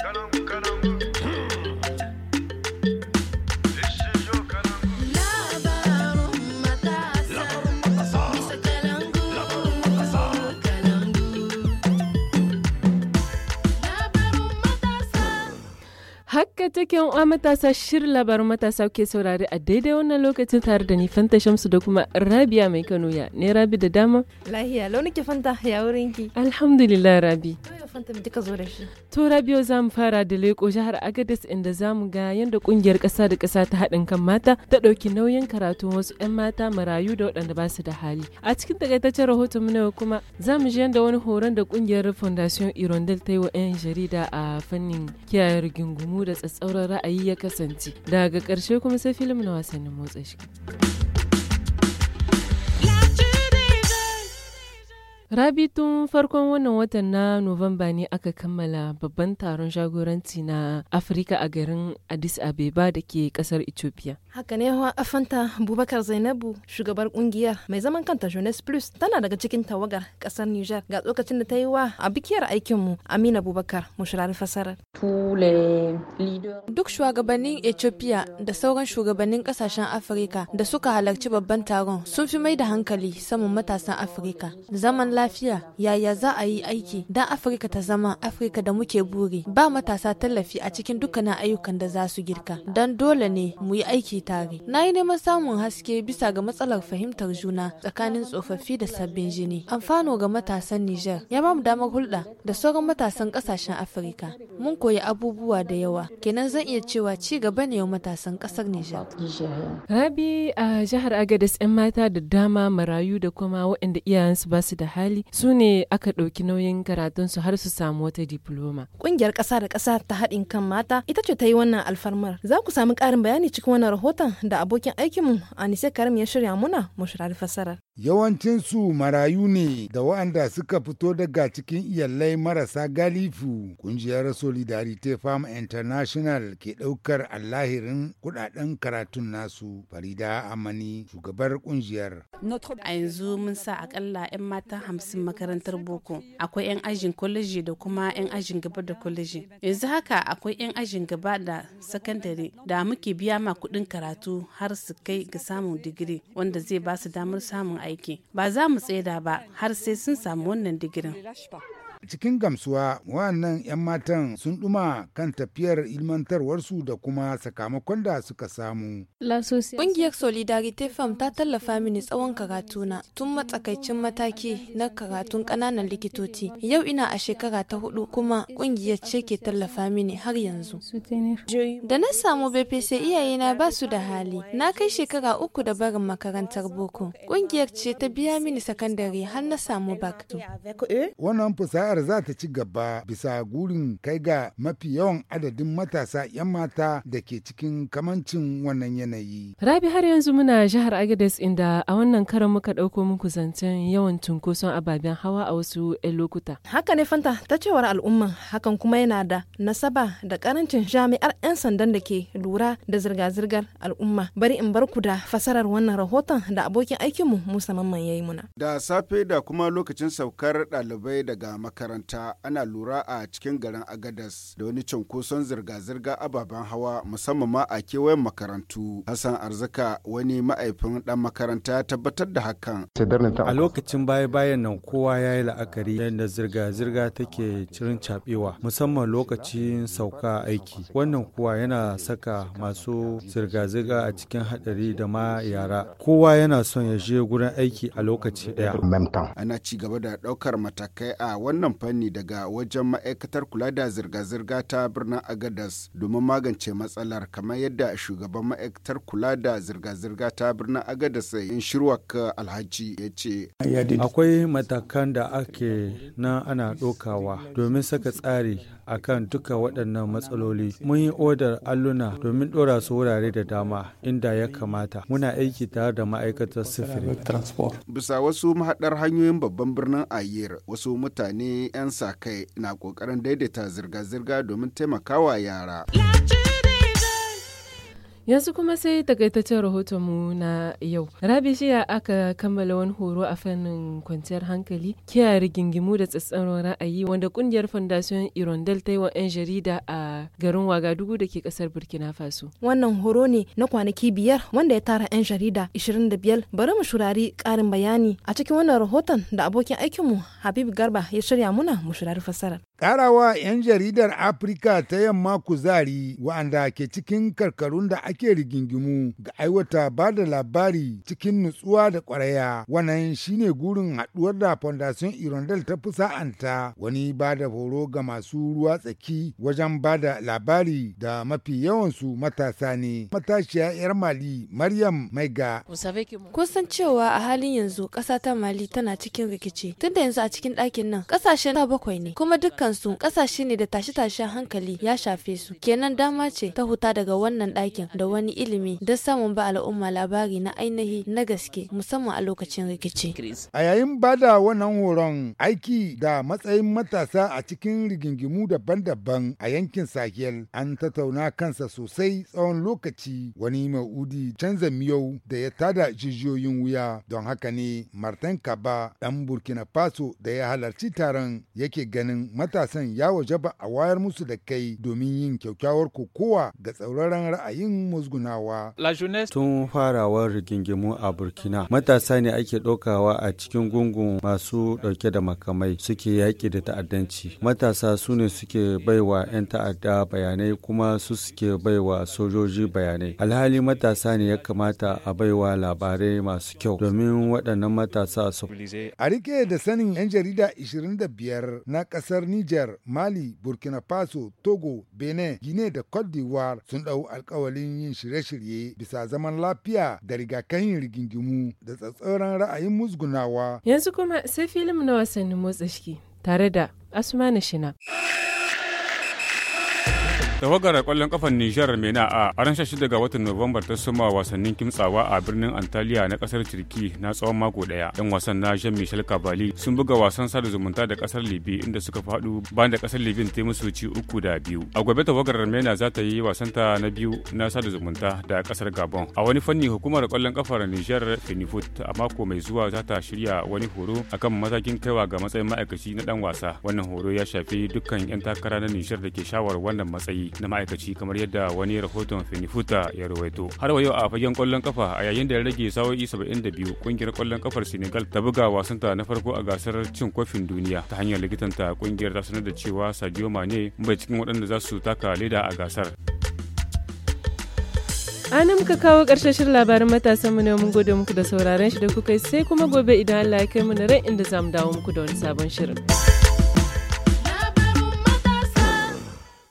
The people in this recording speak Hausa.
Haka take matasa shirin labarin matasa ke saurari a daidai wannan lokacin tare da ni Fanta Shamsu da kuma Rabia mai Kano ne Rabi da dama. Lahiya launike Fanta ya wurin ki. Alhamdulillah Rabi. Tura duka zo za mu fara da leko jihar agadez inda za mu ga yadda kungiyar ƙasa da kasa ta haɗin kan mata ta ɗauki nauyin karatu wasu 'yan mata marayu da waɗanda ba su da hali a cikin takaitaccen rahoton mu na kuma za mu ji yadda wani horon da kungiyar fondation irondel ta yi wa 'yan jarida a fannin kiyaye rigingumu da tsatsauran ra'ayi ya kasance daga ƙarshe kuma sai filim na wasannin motsa shi. Rabi tun farkon wannan watan na Nuwamba ne aka kammala babban taron jagoranci na Afirka a garin Addis Abeba da ke kasar Ethiopia. Haka ne Afanta Bubakar Zainabu shugabar kungiyar mai zaman kanta Jones Plus tana daga cikin tawagar kasar Niger ga tsokacin da ta yi wa a bikiyar aikinmu Amina Bubakar mushirar fasara. Duk shugabannin Ethiopia da sauran shugabannin kasashen Afirka da suka halarci babban taron sun fi mai da hankali saman matasan Afirka. Zaman lafiya yaya za a yi aiki don Afirka ta zama Afirka da muke buri ba matasa tallafi a cikin dukkanin ayyukan da za su girka don dole ne mu yi aiki tare. Na yi neman samun haske bisa ga matsalar fahimtar juna tsakanin tsofaffi da sabbin jini. Amfano ga matasan niger ya ba mu damar hulɗa da sauran matasan ƙasashen Afirka. Mun koyi abubuwa da yawa kenan zan iya cewa ci gaba ne wa matasan ƙasar niger. Rabi a jihar agadis 'yan mata da dama marayu da kuma waɗanda iyayensu ba su da hali hali su ne aka ɗauki nauyin karatunsu har su samu wata diploma. Ƙungiyar ƙasa da ƙasa ta haɗin kan mata ita ce ta yi wannan alfarmar. Za ku sami ƙarin bayani cikin wannan rahoton da abokin aikinmu Anise Karim ya shirya muna mushrar fasarar. Yawancinsu marayu ne da waɗanda suka fito daga cikin iyalai marasa galifu. Kungiyar Solidarity Farm International ke ɗaukar alahirin kudaden karatun nasu. Farida Amani, shugabar kungiyar. A yanzu mun sa akalla 'yan mata hamsin makarantar boko. Akwai 'yan ajin kwaleji da kuma 'yan ajin gaba da kwaleji. Yanzu haka akwai 'yan ajin gaba da sakandare da muke biya ma kuɗin karatu har su kai ga samun digiri wanda zai ba su damar samun aiki ba za mu tseda ba har sai sun samu wannan digirin Cikin gamsuwa wannan 'yan matan sun ɗuma kan tafiyar ilmantarwarsu da kuma sakamakon da suka samu. Ƙungiyar Solidarity Farm ta tallafa mini tsawon karatuna tun matsakaicin mataki na karatun ƙananan likitoci. Yau ina a shekara ta hudu kuma ƙungiyar ce ke tallafa mini har yanzu. Da na samu BPC iyayena ba su da hali. Na kai shekara uku da barin makarantar boko. Ƙungiyar ce ta biya mini sakandare har na samu bak. jihar za ta ci gaba bisa gurin kai ga mafi yawan adadin matasa 'yan mata da ke cikin kamancin wannan yanayi. Rabi har yanzu muna jihar Agadez inda a wannan karan muka ɗauko muku zancen yawan cunkoson ababen hawa a wasu 'yan lokuta. Haka ne Fanta ta cewar al'umma hakan kuma yana da nasaba da karancin jami'ar 'yan sandan da ke lura da zirga-zirgar al'umma. Bari in bar ku da fasarar wannan rahoton da abokin aikinmu Musa Mamman ya yi muna. Da safe da kuma lokacin saukar ɗalibai daga makaranta. makaranta ana lura a cikin garin Agadas da wani cunkoson zirga-zirga ababen hawa musamman ma a kewayen makarantu. Hassan Arzika wani ma'aifin dan makaranta tabbatar da hakan. A lokacin baya-bayan nan kowa ya yi la'akari yadda zirga-zirga take cirin cabewa musamman lokacin sauka aiki. Wannan kuwa yana saka masu zirga-zirga a cikin haɗari da ma yara. Kowa yana son ya je gurin aiki a lokaci ɗaya. Ana ci gaba da ɗaukar matakai a wannan wannan fanni daga wajen ma'aikatar kula da zirga-zirga ta birnin Agadas domin magance matsalar kamar yadda shugaban ma'aikatar kula da zirga-zirga ta birnin Agadas in shirwak Alhaji ya ce. Akwai matakan da ake na ana ɗokawa domin saka tsari a kan duka waɗannan matsaloli. Mun yi odar alluna domin ɗora su wurare da dama inda ya kamata. Muna aiki tare da ma'aikatar sifiri. Bisa wasu mahaɗar hanyoyin babban birnin Ayer wasu mutane 'yan sa kai na ƙoƙarin daidaita zirga-zirga domin taimakawa yara. Yanzu kuma sai takaitaccen mu na yau. Rabi shiya aka kammala wani horo a fannin kwanciyar hankali, kiyaye rigingimu da tsatsaron ra'ayi wanda kungiyar Fondation Irondel ta yi wa 'yan jarida a garin Wagadugu da ke kasar Burkina Faso. Wannan horo ne na kwanaki biyar wanda ya tara 'yan jarida 25 bari mu shurari karin bayani a cikin wannan rahoton da abokin aikinmu Habib Garba ya shirya muna mu shurari fassara Ƙarawa 'yan jaridar Afirka ta yamma kuzari wa'anda ke cikin karkarun da ake rigingimu ga aiwata ba da labari cikin nutsuwa da ƙwaraya wannan shine gurin haɗuwar da Fondation Irondel ta fusa'anta wani ba da horo ga masu ruwa tsaki wajen ba da labari da mafi yawansu matasa ne. Matashiya 'yar Mali Maryam Maiga. Kusan cewa a halin yanzu ƙasa ta Mali tana cikin rikici tunda yanzu a cikin ɗakin nan ƙasashe ta bakwai ne kuma dukkan dukansu ƙasashe ne da tashe-tashen hankali ya shafe su kenan dama ce ta huta daga wannan dakin da wani ilimi don samun ba al'umma labari na ainihi na gaske musamman a lokacin rikici. A yayin ba da wannan horon aiki da matsayin matasa a cikin rigingimu daban-daban a yankin Sahel an tattauna kansa sosai tsawon lokaci wani ma'udi canza miyau da ya tada jijiyoyin wuya don haka ne Martin Kaba dan Burkina Faso da ya halarci taron yake ganin matasa matasan ya wajaba a wayar musu da kai domin yin kyaukyawar kokowa ga tsauraran ra'ayin musgunawa. Tun farawar rigingimu a Burkina, matasa ne ake ɗaukawa a cikin gungun masu ɗauke da makamai suke yaƙi da ta'addanci. Matasa su ne suke baiwa 'yan ta'adda bayanai kuma su suke baiwa sojoji bayanai. Alhali matasa ne ya kamata a baiwa labarai masu kyau domin waɗannan matasa su. A rike da sanin 'yan jarida 25 na ƙasar ni Niger, Mali, Burkina Faso, Togo, Benin, Gine da Cote d'Ivoire sun ɗau alkawalin yin shirye-shirye bisa zaman lafiya da rigakafin rigingimu da tsatsauran ra'ayin musgunawa. Yanzu kuma sai filim na wasanni motsa shiki tare da Asmani Shina. tawagar kwallon kafan nijar mena a ran 16 daga watan nuwambar ta suma wasannin kimtsawa a birnin antaliya na kasar turki na tsawon mako daya yan wasan na jean michel kabali sun buga wasan sada zumunta da kasar libi inda suka fadu bayan da kasar libin ta musu ci uku da biyu a gobe tawagar mena za ta yi wasanta na biyu na sada zumunta da kasar gabon a wani fanni hukumar kwallon kafar nijar fenifut a mako mai zuwa za ta shirya wani horo akan matakin kaiwa ga matsayin ma'aikaci na dan wasa wannan horo ya shafi dukkan yan takara na nijar da ke shawar wannan matsayi na ma'aikaci kamar yadda wani rahoton finifuta ya rawaito har wa yau a fagen kwallon kafa a yayin da ya rage sa'o'i biyu kungiyar kwallon kafar senegal ta buga wasanta na farko a gasar cin kofin duniya ta hanyar likitanta kungiyar ta sanar da cewa sadio mane bai cikin waɗanda za su taka leda a gasar ana muka kawo ƙarshen shirin labarin matasan mu ne mun gode muku da sauraron shi da kuka sai kuma gobe idan Allah ya kai mu na ran inda zamu dawo muku da wani sabon shirin.